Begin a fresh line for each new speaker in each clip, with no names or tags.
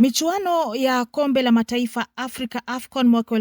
Michuano ya kombe la mataifa Afrika AFCON mwaka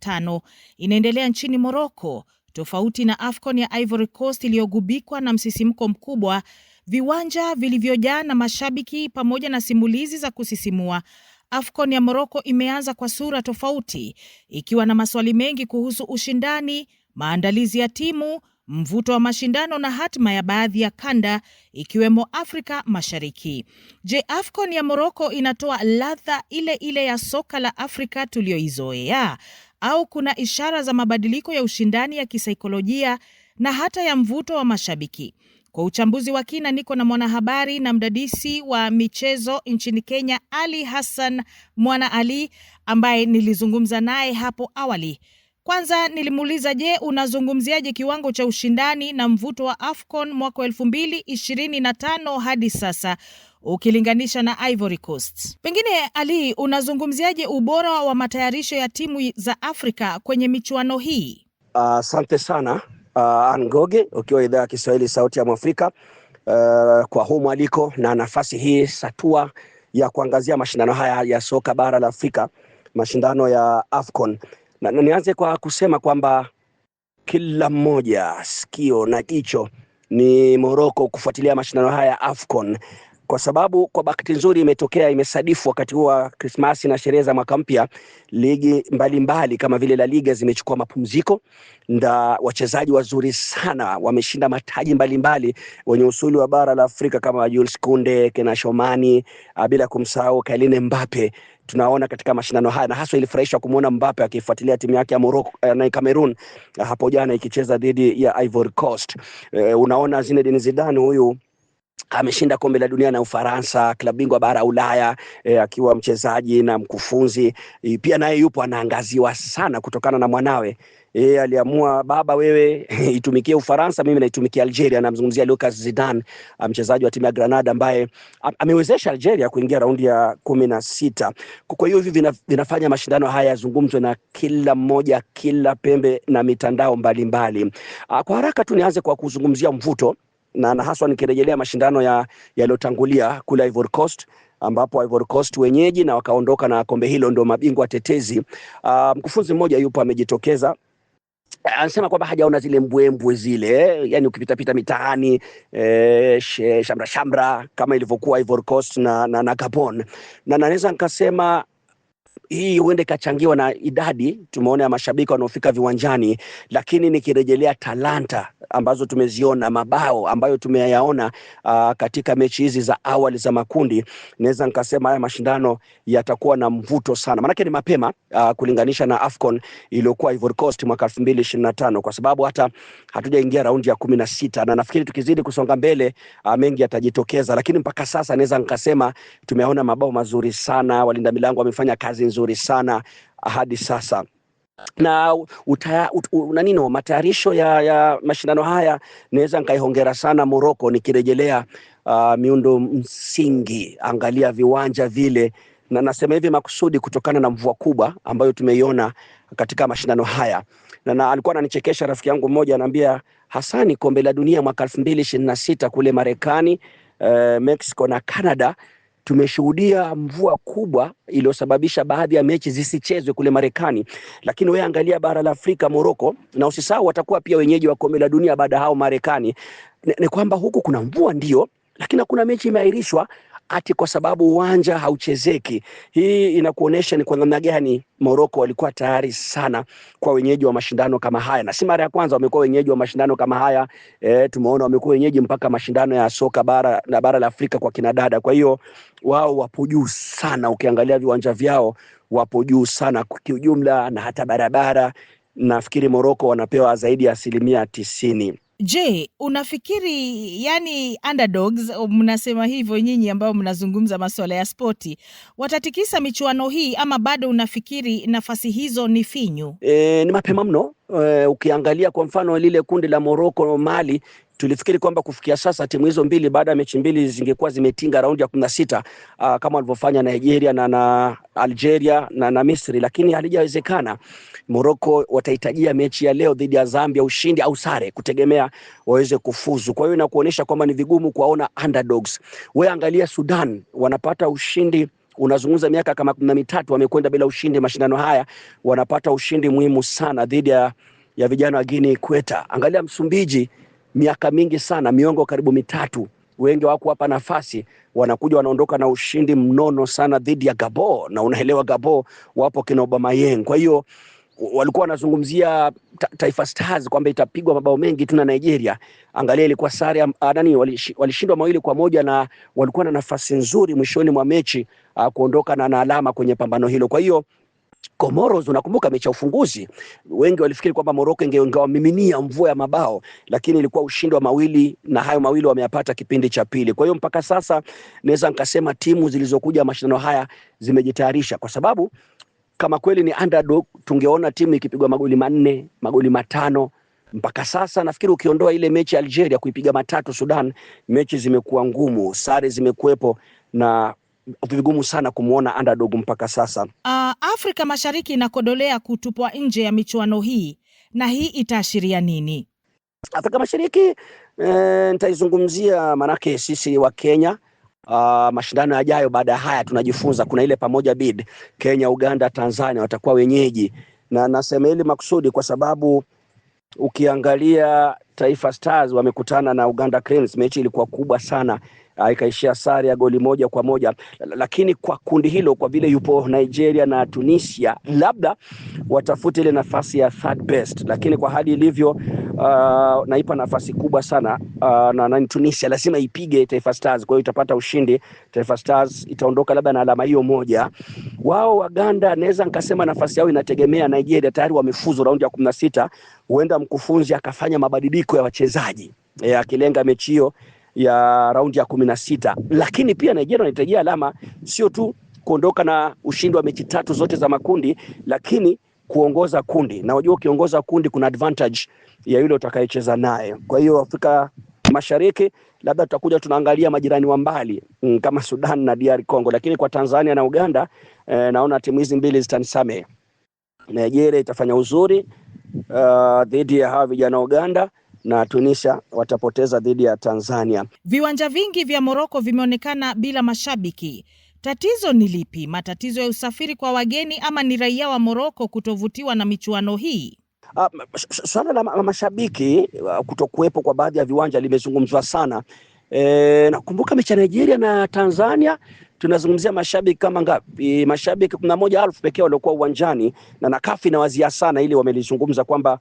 tano inaendelea nchini moroco Tofauti na AFCON ya Ivory Coast iliyogubikwa na msisimko mkubwa, viwanja vilivyojaa na mashabiki pamoja na simulizi za kusisimua, AFCON ya moroco imeanza kwa sura tofauti, ikiwa na maswali mengi kuhusu ushindani, maandalizi ya timu mvuto wa mashindano na hatima ya baadhi ya kanda ikiwemo Afrika Mashariki. Je, AFCON ya Moroko inatoa ladha ile ile ya soka la Afrika tuliyoizoea au kuna ishara za mabadiliko ya ushindani ya kisaikolojia na hata ya mvuto wa mashabiki? Kwa uchambuzi wa kina niko na mwanahabari na mdadisi wa michezo nchini Kenya, Ali Hassan Mwana Ali, ambaye nilizungumza naye hapo awali kwanza nilimuuliza je, unazungumziaje kiwango cha ushindani na mvuto wa AFCON mwaka wa elfu mbili ishirini na tano hadi sasa ukilinganisha na Ivory Coast. Pengine Ali, unazungumziaje ubora wa matayarisho ya timu za Afrika kwenye michuano hii?
Asante uh, sana uh, Angoge ukiwa idhaa ya Kiswahili sauti ya Mwafrika uh, kwa huu mwaliko na nafasi hii satua ya kuangazia mashindano haya ya soka bara la Afrika, mashindano ya AFCON. Na nianze kwa kusema kwamba kila mmoja sikio na jicho ni Moroko kufuatilia mashindano haya ya AFCON kwa sababu kwa bahati nzuri imetokea imesadifu wakati huu wa Krismasi na sherehe za mwaka mpya, ligi mbalimbali mbali, kama vile La Liga zimechukua mapumziko na wachezaji wazuri sana wameshinda mataji mbalimbali mbali, wenye usuli wa bara la Afrika kama Jules Kunde, Kena Shomani, ah, bila kumsahau Kylian Mbappe tunaona katika mashindano haya, na haswa ilifurahisha kumwona Mbappe akifuatilia timu yake ya Morocco eh, na Cameroon eh, hapo jana ikicheza dhidi ya Ivory Coast. Eh, unaona Zinedine Zidane huyu ameshinda kombe la dunia na Ufaransa, klabu bingwa bara ya Ulaya e, akiwa mchezaji na mkufunzi e, pia naye yupo anaangaziwa sana kutokana na mwanawe e, aliamua baba, wewe itumikie Ufaransa, mimi naitumikia Algeria. Namzungumzia Lucas Zidane, mchezaji wa timu ya Granada ambaye amewezesha Algeria kuingia raundi ya kumi na sita. Kwa hiyo hivi vina, vinafanya mashindano haya yazungumzwe na kila mmoja, kila pembe na mitandao mbalimbali mbali. Kwa haraka tu nianze kwa kuzungumzia mvuto na, na haswa nikirejelea mashindano ya yaliyotangulia kule Ivory Coast ambapo Ivory Coast wenyeji na wakaondoka na kombe hilo, ndio mabingwa tetezi. Ah, mkufunzi mmoja yupo amejitokeza eh, anasema kwamba hajaona zile mbwembwe zile, yani ukipitapita mitaani e, shamra shamra kama ilivyokuwa Ivory Coast na na, na Gabon, na naweza nikasema hii huenda ikachangiwa na idadi tumeona ya mashabiki wanaofika viwanjani, lakini nikirejelea talanta ambazo tumeziona, mabao ambayo tumeyaona uh, katika mechi hizi za awali za makundi, naweza nikasema haya mashindano yatakuwa na mvuto sana, maanake ni mapema uh, kulinganisha na AFCON iliyokuwa Ivory Coast mwaka 2025 kwa sababu hata hatujaingia raundi ya 16 na nafikiri tukizidi kusonga mbele uh, mengi yatajitokeza, lakini mpaka sasa naweza nikasema tumeona mabao mazuri sana, walinda milango wamefanya kazi nzuri vizuri sana hadi sasa na utaya, ut, nanino matayarisho ya, ya mashindano haya naweza nikaihongera sana Morocco nikirejelea uh, miundo msingi. Angalia viwanja vile, na nasema hivi makusudi kutokana na mvua kubwa ambayo tumeiona katika mashindano haya na, na alikuwa ananichekesha rafiki yangu mmoja anaambia, Hasani, kombe la dunia mwaka 2026 kule Marekani, eh, Mexico na Canada tumeshuhudia mvua kubwa iliyosababisha baadhi ya mechi zisichezwe kule Marekani, lakini wewe angalia bara la Afrika, moroko na usisahau watakuwa pia wenyeji wa kombe la dunia baada hao Marekani. Ni kwamba huku kuna mvua ndio, lakini hakuna mechi imeahirishwa ati kwa sababu uwanja hauchezeki. Hii inakuonesha ni kwa namna gani Moroko walikuwa tayari sana kwa wenyeji wa mashindano kama haya, na si mara ya kwanza wamekuwa wenyeji wa mashindano kama haya. E, tumeona wamekuwa wenyeji mpaka mashindano ya soka bara na bara la Afrika kwa kinadada. Kwa hiyo wao wapo juu sana, ukiangalia viwanja vyao wapo juu sana kiujumla, na hata barabara nafikiri moroko wanapewa zaidi ya asilimia tisini.
Je, unafikiri yani underdogs mnasema hivyo nyinyi ambao mnazungumza masuala ya spoti watatikisa michuano hii ama bado unafikiri nafasi hizo ni finyu?
E, ni mapema mno uh, ukiangalia kwa mfano lile kundi la Morocco Mali tulifikiri kwamba kufikia sasa timu hizo mbili baada ya mechi mbili zingekuwa zimetinga raundi ya kumi na sita uh, kama walivyofanya Nigeria na, na Algeria na, na Misri, lakini halijawezekana. Morocco watahitajia mechi ya leo dhidi ya Zambia ushindi au sare kutegemea waweze kufuzu. Kwa hiyo inakuonyesha kwamba ni vigumu kuwaona underdogs. Wewe angalia Sudan wanapata ushindi unazungumza miaka kama kumi na mitatu wamekwenda bila ushindi. Mashindano haya wanapata ushindi muhimu sana dhidi ya, ya vijana wa Guinea kweta Angalia Msumbiji, miaka mingi sana, miongo karibu mitatu, wengi hawakuwapa nafasi, wanakuja wanaondoka na ushindi mnono sana dhidi ya gabo na unaelewa gabo wapo kina Aubameyang, kwa hiyo walikuwa wanazungumzia Taifa Stars kwamba itapigwa mabao mengi tu na Nigeria. Angalia ilikuwa sare ah, nani, walishindwa mawili kwa moja na walikuwa na nafasi nzuri mwishoni mwa mechi uh, kuondoka na, na alama kwenye pambano hilo. Kwa hiyo Comoros, unakumbuka mechi ya ufunguzi, wengi walifikiri kwamba Morocco ingewamiminia mvua ya mabao, lakini ilikuwa ushindi wa mawili, na hayo mawili wameyapata kipindi cha pili. Kwa hiyo mpaka sasa naweza nikasema timu zilizokuja mashindano haya zimejitayarisha kwa sababu kama kweli ni underdog, tungeona timu ikipigwa magoli manne magoli matano. Mpaka sasa nafikiri ukiondoa ile mechi ya Algeria kuipiga matatu Sudan, mechi zimekuwa ngumu, sare zimekuwepo na vigumu sana kumwona underdog mpaka sasa.
Uh, Afrika Mashariki inakodolea kutupwa nje ya michuano hii, na hii itaashiria nini
Afrika Mashariki? E, nitaizungumzia maanake sisi wa Kenya uh, mashindano yajayo baada ya haya tunajifunza. Kuna ile pamoja bid, Kenya, Uganda, Tanzania watakuwa wenyeji, na nasema hili makusudi kwa sababu ukiangalia Taifa Stars wamekutana na Uganda Cranes, mechi ilikuwa kubwa sana. Ah, ikaishia sare ya goli moja kwa moja. Lakini kwa kundi hilo, kwa vile yupo Nigeria na Tunisia, labda watafute ile nafasi ya third best, lakini kwa hali ilivyo, uh, naipa nafasi kubwa sana uh, na, na Tunisia lazima ipige Taifa Stars, kwa hiyo itapata ushindi. Taifa Stars itaondoka labda na alama hiyo moja. Wao Waganda, naweza nikasema nafasi yao inategemea. Nigeria tayari wamefuzu raundi ya kumi na sita, huenda mkufunzi akafanya mabadiliko ya wachezaji eh, akilenga mechi hiyo ya raundi ya kumi na sita, lakini pia Nigeria wanahitaji alama sio tu kuondoka na ushindi wa mechi tatu zote za makundi, lakini kuongoza kundi, na unajua ukiongoza kundi kuna advantage ya yule utakayecheza naye. Kwa hiyo Afrika Mashariki labda tutakuja tunaangalia majirani wa mbali mm, kama Sudan na DR Congo, lakini kwa Tanzania na Uganda eh, naona timu hizi mbili zitanisamehe. Nigeria itafanya uzuri eh, dhidi uh, ya hawa vijana Uganda na Tunisia watapoteza dhidi ya Tanzania.
Viwanja vingi vya Moroko vimeonekana bila mashabiki. Tatizo ni lipi? Matatizo ya usafiri kwa wageni ama ni raia wa Moroko kutovutiwa na michuano hii?
Ah, swala la mashabiki ah, kutokuwepo kwa baadhi ya viwanja limezungumzwa sana. E, nakumbuka mechi ya Nigeria na Tanzania tunazungumzia mashabiki kama ngapi? Mashabiki kumi na moja elfu pekee waliokuwa uwanjani, na nakafi na wazia sana ili wamelizungumza kwamba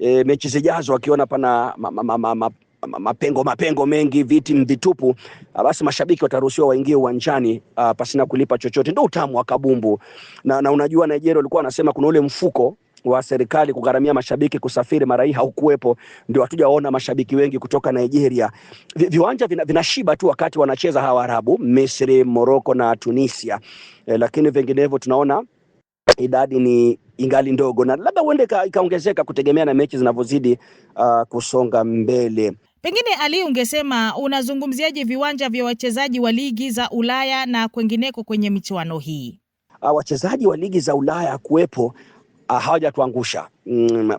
e, mechi zijazo wakiona pana ma, ma, ma, ma, mapengo mapengo mengi, viti mvitupu, ah, basi mashabiki wataruhusiwa waingie uwanjani ah, pasina kulipa chochote. Ndio utamu wa kabumbu. Na, na unajua Nigeria walikuwa wanasema kuna ule mfuko wa serikali kugharamia mashabiki kusafiri, mara hii haukuwepo, ndio hatujaona mashabiki wengi kutoka Nigeria. Vi, viwanja vinashiba vina tu wakati wanacheza hawa Arabu, Misri, Morocco na Tunisia e, lakini vinginevyo tunaona idadi ni ingali ndogo na labda huende ikaongezeka kutegemea na mechi zinavyozidi uh, kusonga mbele.
Pengine Ali, ungesema unazungumziaje viwanja vya wachezaji wa ligi za Ulaya na kwengineko kwenye michuano hii?
Uh, wachezaji wa ligi za Ulaya kuwepo uh, hawajatuangusha mm,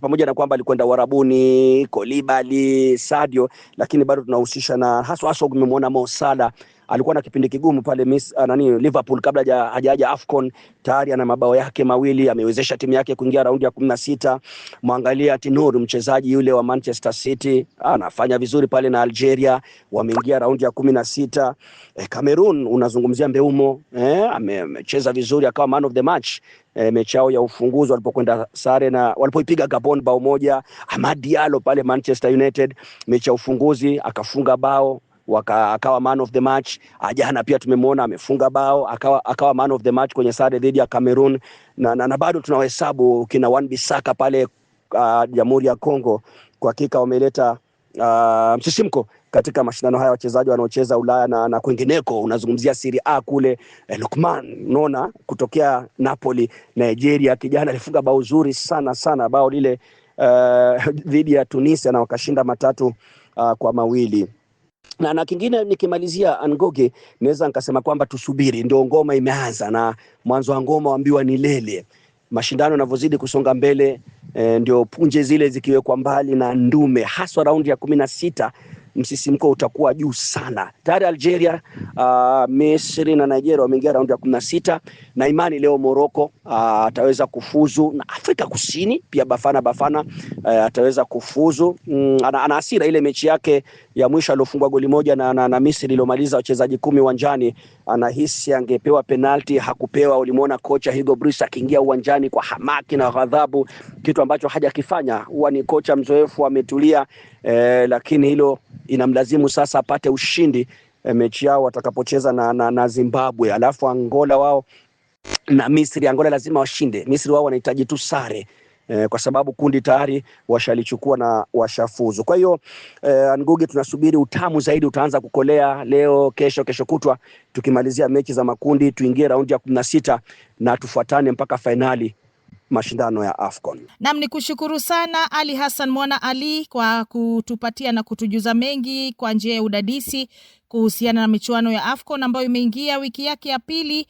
pamoja na kwamba alikwenda Uarabuni, Kolibali, Sadio, lakini bado tunahusisha na haswa haswa, umemwona mosala alikuwa na kipindi kigumu pale Miss, uh, nani Liverpool kabla haja, hajaja Afcon tayari ana mabao yake mawili, amewezesha timu yake kuingia raundi ya kumi na sita. Mwangalia Tinur mchezaji yule wa Manchester City ah, anafanya vizuri pale na Algeria, wameingia raundi ya kumi na sita. E, Cameroon unazungumzia Mbeumo eh, amecheza vizuri akawa man of the match E, mechi yao ya ufunguzi walipokwenda sare na walipoipiga Gabon bao moja. Amad Diallo pale Manchester United mechi ya ufunguzi akafunga bao waka, akawa man of the match. Ah, jana pia tumemwona amefunga bao akawa, akawa man of the match kwenye sare dhidi ya Cameroon na, na, na bado tunawahesabu kina Wan Bissaka pale ah, Jamhuri uh, ya Kongo. Kwa hakika wameleta uh, msisimko katika mashindano haya wachezaji wanaocheza Ulaya na, na kwingineko. Unazungumzia Serie A kule eh, Lukman unaona kutokea Napoli Nigeria, kijana alifunga bao zuri sana sana bao lile eh, dhidi uh, ya Tunisia na wakashinda matatu uh, kwa mawili na, na kingine nikimalizia Angoge naweza nikasema kwamba tusubiri, ndio ngoma imeanza na mwanzo wa ngoma waambiwa ni lele. Mashindano yanavyozidi kusonga mbele e, ndio punje zile zikiwekwa mbali na ndume, haswa raundi ya kumi na sita msisimko utakuwa juu sana. Tayari Algeria, uh, Misri na Nigeria wameingia raundi ya kumi na sita na imani leo Morocco ah, ataweza uh, kufuzu na Afrika Kusini pia Bafana Bafana uh, ataweza kufuzu mm, ana, ana hasira ile mechi yake ya mwisho aliofungwa goli moja na, na, na Misri iliyomaliza wachezaji kumi uwanjani, anahisi angepewa penalti, hakupewa. Ulimwona kocha Hugo Broos akiingia uwanjani kwa hamaki na ghadhabu, kitu ambacho hajakifanya. Huwa ni kocha mzoefu, ametulia eh, lakini hilo inamlazimu sasa apate ushindi eh, mechi yao watakapocheza na, na, na Zimbabwe, alafu Angola wao na Misri. Angola lazima washinde Misri, wao wanahitaji tu sare eh, kwa sababu kundi tayari washalichukua na washafuzu. Kwa hiyo eh, Ngugi, tunasubiri utamu zaidi utaanza kukolea leo, kesho, kesho kutwa, tukimalizia mechi za makundi tuingie raundi ya kumi na sita na tufuatane mpaka fainali mashindano ya AFCON.
Nam ni kushukuru sana Ali Hassan Mwana Ali kwa kutupatia na kutujuza mengi kwa njia ya udadisi kuhusiana na michuano ya AFCON ambayo imeingia wiki yake ya pili.